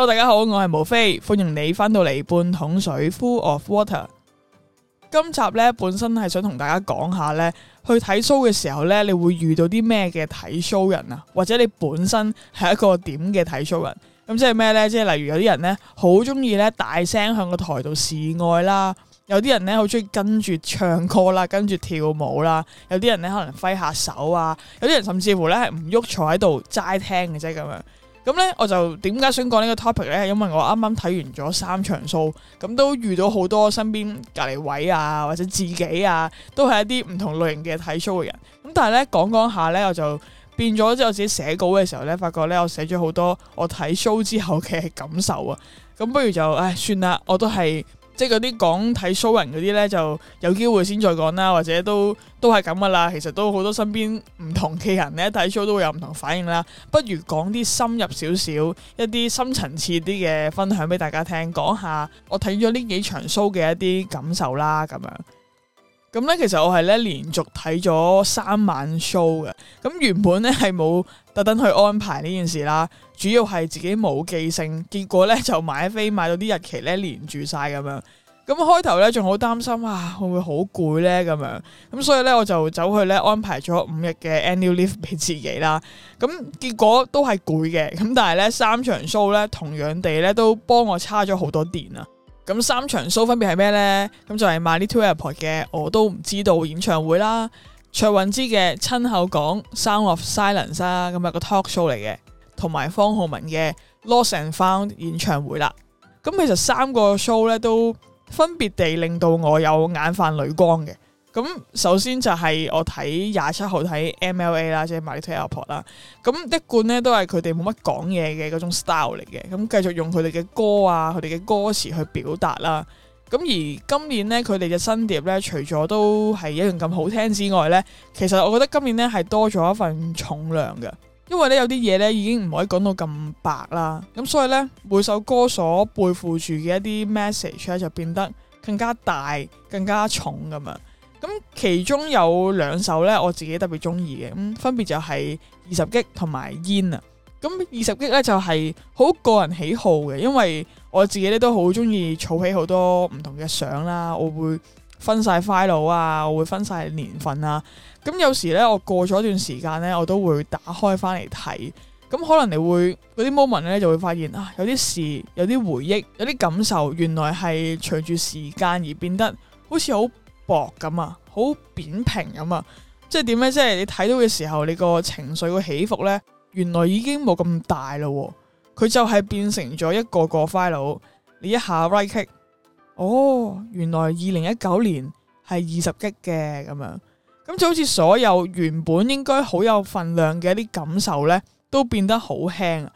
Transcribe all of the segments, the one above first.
Hello 大家好，我係毛飛，歡迎你翻到嚟半桶水 （Full of Water）。今集咧，本身係想同大家講下咧，去睇 show 嘅時候咧，你會遇到啲咩嘅睇 show 人啊？或者你本身係一個點嘅睇 show 人？咁即係咩咧？即係例如有啲人咧，好中意咧大聲向個台度示愛啦；有啲人咧，好中意跟住唱歌啦，跟住跳舞啦；有啲人咧，可能揮下手啊；有啲人甚至乎咧係唔喐坐喺度齋聽嘅啫，咁樣。咁咧，我就點解想講呢個 topic 咧？因為我啱啱睇完咗三場 show，咁都遇到好多身邊隔籬位啊，或者自己啊，都係一啲唔同類型嘅睇 show 嘅人。咁但係咧，講講下咧，我就變咗即係我自己寫稿嘅時候咧，發覺咧我寫咗好多我睇 show 之後嘅感受啊。咁不如就唉算啦，我都係。即係嗰啲講睇 show 人嗰啲呢，就有機會先再講啦，或者都都係咁噶啦。其實都好多身邊唔同嘅人呢，睇 show 都會有唔同反應啦。不如講啲深入少少，一啲深層次啲嘅分享俾大家聽，講下我睇咗呢幾場 show 嘅一啲感受啦，咁樣。咁咧，其實我係咧連續睇咗三晚 show 嘅，咁原本咧係冇特登去安排呢件事啦，主要係自己冇記性，結果咧就買飛買到啲日期咧連住晒咁樣，咁開頭咧仲好擔心啊，會唔會好攰咧咁樣，咁所以咧我就走去咧安排咗五日嘅 annual leave 俾自己啦，咁結果都係攰嘅，咁但係咧三場 show 咧同樣地咧都幫我叉咗好多電啊。咁三場 show 分別係咩呢？咁就係 my little airport 嘅我都唔知道演唱會啦，卓韻芝嘅親口講 Sound of Silence 啦，咁、啊、係個 talk show 嚟嘅，同埋方皓玟嘅 Lost and Found 演唱會啦。咁其實三個 show 咧都分別地令到我有眼泛淚光嘅。咁首先就係我睇廿七號睇 MLA 啦，即係 my little airport 啦。咁一貫呢都係佢哋冇乜講嘢嘅嗰種 style 嚟嘅。咁繼續用佢哋嘅歌啊，佢哋嘅歌詞去表達啦。咁而今年呢，佢哋嘅新碟呢，除咗都係一樣咁好聽之外呢，其實我覺得今年呢係多咗一份重量嘅，因為呢有啲嘢呢已經唔可以講到咁白啦。咁所以呢，每首歌所背負住嘅一啲 message 咧，就變得更加大、更加重咁啊。咁其中有兩首咧，我自己特別中意嘅，咁分別就係二十擊同埋煙啊。咁二十擊咧就係好個人喜好嘅，因為我自己咧都好中意儲起好多唔同嘅相啦。我會分晒 file 啊，我會分晒年份啊。咁有時咧，我過咗段時間咧，我都會打開翻嚟睇。咁可能你會嗰啲 moment 咧，就會發現啊，有啲事、有啲回憶、有啲感受，原來係隨住時間而變得好似好薄咁啊，好扁平咁啊，即係點呢？即係你睇到嘅時候，你個情緒個起伏呢，原來已經冇咁大咯。佢就係變成咗一個個 file，你一下 right click，哦，原來二零一九年係二十億嘅咁樣，咁就好似所有原本應該好有份量嘅一啲感受呢，都變得好輕。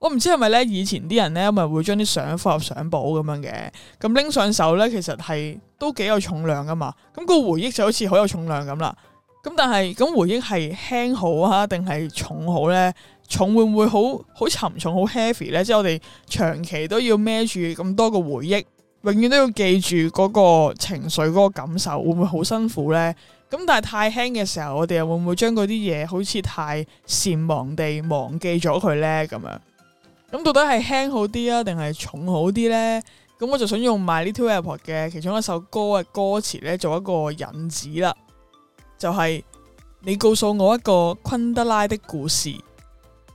我唔知係咪咧，以前啲人咧咪會將啲相放入相簿咁樣嘅，咁拎上手咧，其實係都幾有重量噶嘛。咁個回憶就好似好有重量咁啦。咁但係咁回憶係輕好啊，定係重好咧？重會唔會好好沉重好 heavy 咧？即係我哋長期都要孭住咁多個回憶，永遠都要記住嗰個情緒嗰個感受，會唔會好辛苦咧？咁但係太輕嘅時候，我哋又會唔會將嗰啲嘢好似太善忘地忘記咗佢咧？咁樣？咁到底係輕好啲啊，定係重好啲呢？咁我就想用埋呢 my little airport 嘅其中一首歌嘅歌詞呢，做一個引子啦。就係、是、你告訴我一個昆德拉的故事，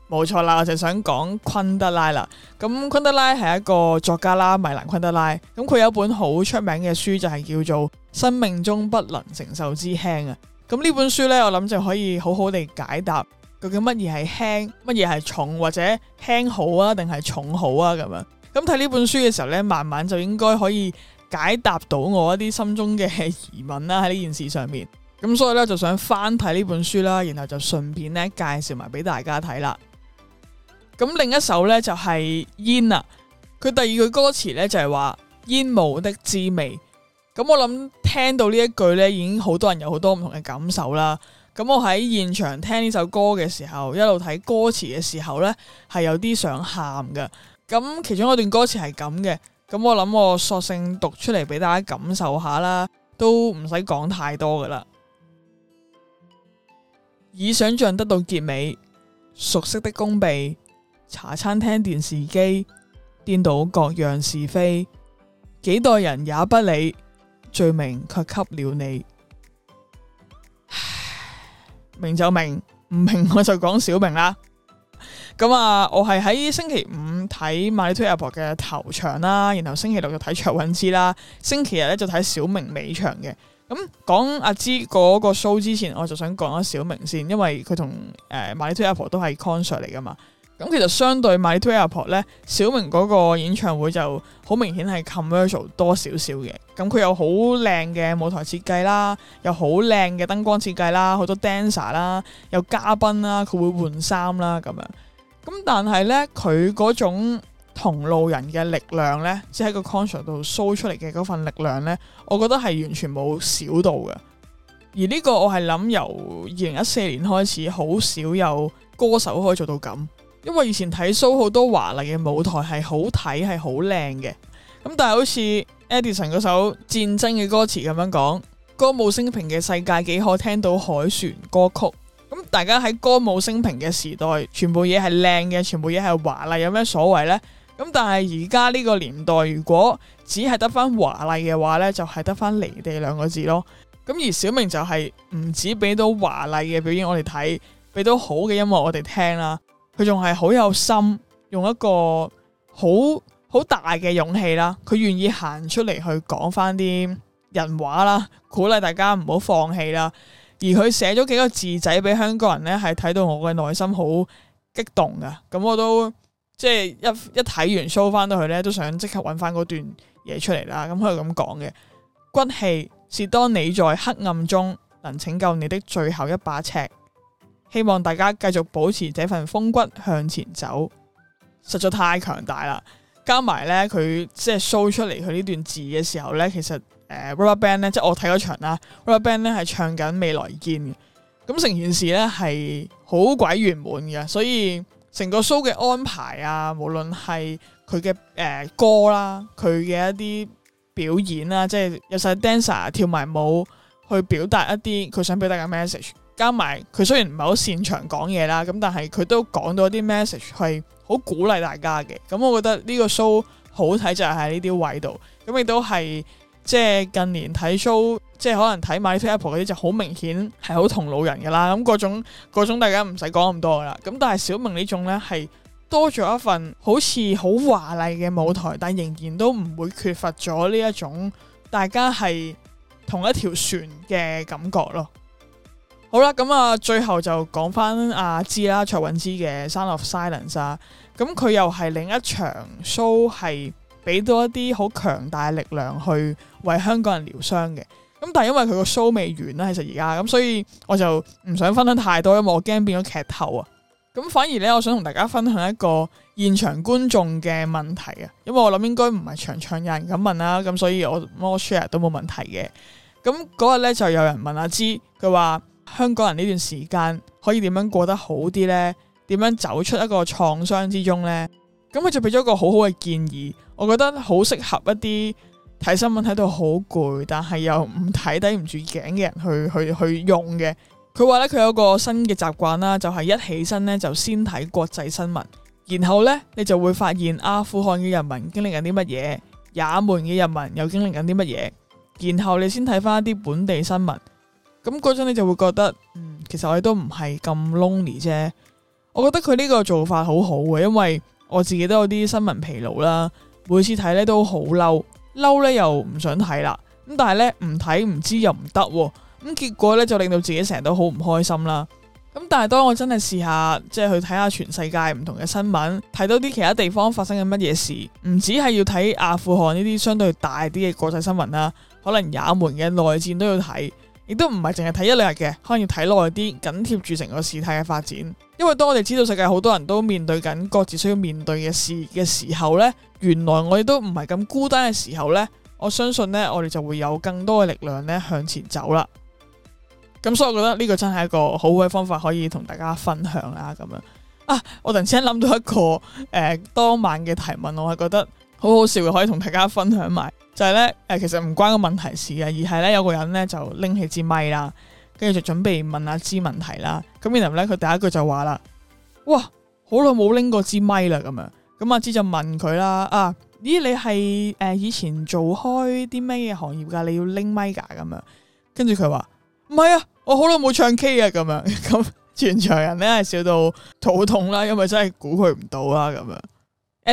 冇錯啦，我就想講昆德拉啦。咁昆德拉係一個作家啦，米蘭昆德拉。咁佢有一本好出名嘅書，就係、是、叫做《生命中不能承受之輕》啊。咁呢本書呢，我諗就可以好好地解答。究竟乜嘢係輕，乜嘢係重，或者輕好啊，定係重好啊？咁樣咁睇呢本書嘅時候呢，慢慢就應該可以解答到我一啲心中嘅疑問啦。喺呢件事上面，咁所以呢，就想翻睇呢本書啦，然後就順便呢介紹埋俾大家睇啦。咁另一首呢、就是，就係煙啊，佢第二句歌詞呢，就係話煙霧的滋味。咁我諗聽到呢一句呢，已經好多人有好多唔同嘅感受啦。咁我喺現場聽呢首歌嘅時候，一路睇歌詞嘅時候呢，係有啲想喊嘅。咁其中一段歌詞係咁嘅，咁我諗我索性讀出嚟俾大家感受下啦，都唔使講太多噶啦。以想象得到結尾，熟悉的弓被茶餐廳電視機顛倒，各樣是非，幾代人也不理，罪名卻給了你。明就明，唔明我就講小明啦。咁 啊、嗯，我係喺星期五睇 my little airport 嘅頭場啦，然後星期六就睇卓韻芝啦，星期日咧就睇小明尾場嘅。咁講阿芝嗰個 show 之前，我就想講一小明先，因為佢同誒 my little airport 都係 concert 嚟噶嘛。咁其實相對 my little airport 咧，小明嗰個演唱會就好明顯係 commercial 多少少嘅。咁佢有好靚嘅舞台設計啦，有好靚嘅燈光設計啦，好多 dancer 啦，有嘉賓啦，佢會換衫啦咁樣。咁但係呢，佢嗰種同路人嘅力量呢，即係喺個 concert 度 show 出嚟嘅嗰份力量呢，我覺得係完全冇少到嘅。而呢個我係諗由二零一四年開始，好少有歌手可以做到咁。因為以前睇 show 好多華麗嘅舞台係好睇係好靚嘅，咁但係好似 Edison 嗰首戰爭嘅歌詞咁樣講，歌舞升平嘅世界幾可聽到凱旋歌曲，咁、嗯、大家喺歌舞升平嘅時代，全部嘢係靚嘅，全部嘢係華麗，有咩所謂呢？咁、嗯、但係而家呢個年代，如果只係得翻華麗嘅話呢就係得翻離地兩個字咯。咁、嗯、而小明就係唔止俾到華麗嘅表演我哋睇，俾到好嘅音樂我哋聽啦、啊。佢仲係好有心，用一個好好大嘅勇氣啦，佢願意行出嚟，去講翻啲人話啦，鼓勵大家唔好放棄啦。而佢寫咗幾個字仔俾香港人呢，係睇到我嘅內心好激動噶。咁、嗯、我都即係一一睇完 show 翻到去呢，都想即刻揾翻嗰段嘢出嚟啦。咁佢係咁講嘅，骨氣是當你在黑暗中能拯救你的最後一把尺。希望大家繼續保持這份風骨向前走，實在太強大啦！加埋咧佢即係 show 出嚟佢呢段字嘅時候咧，其實誒 RubberBand 咧，呃、Band，即係我睇嗰場啦 RubberBand 咧係唱緊未來見嘅，咁成件事咧係好鬼圓滿嘅，所以成個 show 嘅安排啊，無論係佢嘅誒歌啦，佢嘅一啲表演啦，即係有晒 dancer 跳埋舞去表達一啲佢想畀大家 message。加埋佢雖然唔係好擅長講嘢啦，咁但係佢都講到一啲 message 係好鼓勵大家嘅。咁、嗯、我覺得呢個 show 好睇就係喺呢啲位度，咁、嗯、亦都係即係近年睇 show，即係可能睇埋啲 c h a Apple 嗰啲就好明顯係好同路人噶啦。咁、嗯、嗰種各種大家唔使講咁多噶啦。咁、嗯、但係小明呢種呢，係多咗一份好似好華麗嘅舞台，但仍然都唔會缺乏咗呢一種大家係同一條船嘅感覺咯。好啦，咁啊，最後就講翻阿芝啦，卓韻芝嘅《Sound of Silence》啊，咁佢又係另一場 show 係俾到一啲好強大力量去為香港人療傷嘅。咁但係因為佢個 show 未完啦、啊，其實而家咁，所以我就唔想分享太多，因為我驚變咗劇透啊。咁反而呢，我想同大家分享一個現場觀眾嘅問題啊，因為我諗應該唔係場場有人咁問啦、啊，咁所以我 more share 都冇問題嘅。咁嗰日呢，就有人問阿芝，佢話。香港人呢段時間可以點樣過得好啲呢？點樣走出一個創傷之中呢？咁佢就俾咗一個好好嘅建議，我覺得好適合一啲睇新聞睇到好攰但係又唔睇抵唔住頸嘅人去去去用嘅。佢話咧，佢有個新嘅習慣啦，就係一起身呢，就先睇國際新聞，然後呢，你就會發現阿富汗嘅人民經歷緊啲乜嘢，也門嘅人民又經歷緊啲乜嘢，然後你先睇翻一啲本地新聞。咁嗰陣，你就會覺得，嗯，其實我哋都唔係咁 lonely 啫。我覺得佢呢個做法好好嘅，因為我自己都有啲新聞疲勞啦。每次睇呢都好嬲，嬲呢，又唔想睇啦。咁但係呢，唔睇唔知又唔得，咁結果呢，就令到自己成日都好唔開心啦。咁但係當我真係試下，即係去睇下全世界唔同嘅新聞，睇到啲其他地方發生緊乜嘢事，唔止係要睇阿富汗呢啲相對大啲嘅國際新聞啦，可能也門嘅內戰都要睇。亦都唔係淨係睇一兩日嘅，可以睇耐啲，緊貼住成個事態嘅發展。因為當我哋知道世界好多人都面對緊各自需要面對嘅事嘅時候呢，原來我哋都唔係咁孤單嘅時候呢，我相信呢，我哋就會有更多嘅力量呢向前走啦。咁所以我覺得呢個真係一個好嘅方法可以同大家分享啦。咁樣啊，我突然之間諗到一個誒、呃、當晚嘅提問，我係覺得。好好笑嘅，可以同大家分享埋，就係咧，誒，其實唔關個問題事啊，而係咧有個人咧就拎起支咪啦，跟住就準備問阿芝問題啦。咁然後咧，佢第一句就話啦：哇，好耐冇拎過支咪啦。咁樣，咁阿芝就問佢啦：啊，咦，你係誒、呃、以前做開啲咩行業噶？你要拎咪噶？咁樣，跟住佢話：唔係啊，我好耐冇唱 K 啊。咁樣，咁全場人咧係笑到肚痛啦，因為真係估佢唔到啦。咁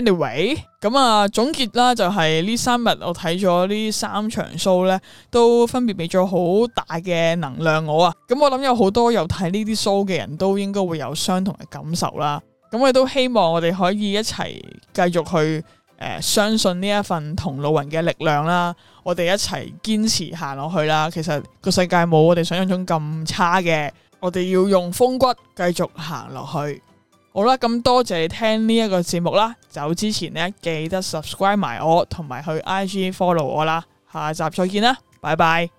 樣，anyway。咁啊、嗯，總結啦，就係、是、呢三日我睇咗呢三場 show 咧，都分別俾咗好大嘅能量我啊。咁、嗯、我諗有好多有睇呢啲 show 嘅人都應該會有相同嘅感受啦。咁、嗯、我都希望我哋可以一齊繼續去誒、呃，相信呢一份同路人嘅力量啦。我哋一齊堅持行落去啦。其實個世界冇我哋想象中咁差嘅，我哋要用風骨繼續行落去。好啦，咁多謝你聽呢一個節目啦，走之前呢，記得 subscribe 埋我，同埋去 IG follow 我啦，下集再見啦，拜拜。